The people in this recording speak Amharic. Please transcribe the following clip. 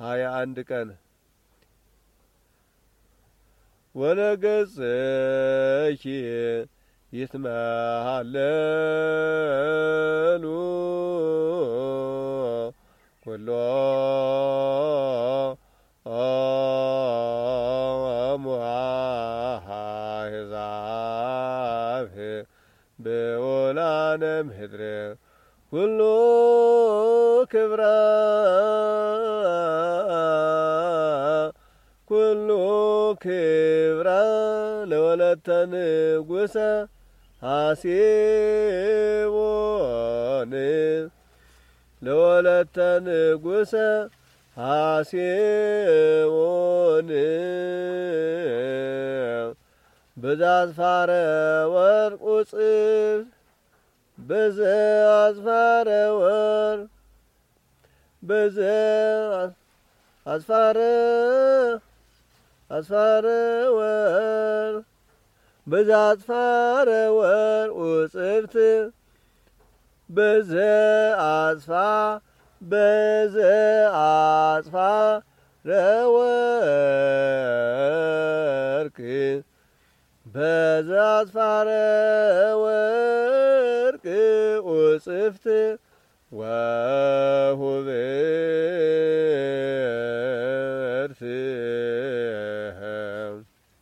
ሀያ አንድ ቀን ወለገጽኪ ይትመሃለሉ ኩሎ ሙሃህዛብህ በወላነ ምህድር ኩሉ ክብራ። ኩሉ ክብራ ለወለተ ንጉሰ ሐሴቦን ለወለተ ንጉሰ ሐሴቦን ብዛዝፋረ ወርቅ ውፅፍ ብዘአዝፋረ ወርቅ ብዘ አዝፋረ አስፋረወር በዛ ፋረወር ውጽብት በዘ አስፋ በዘ አስፋ ረወርክ በዘ አጽፋ ረወርክ ውጽብት ወሁብ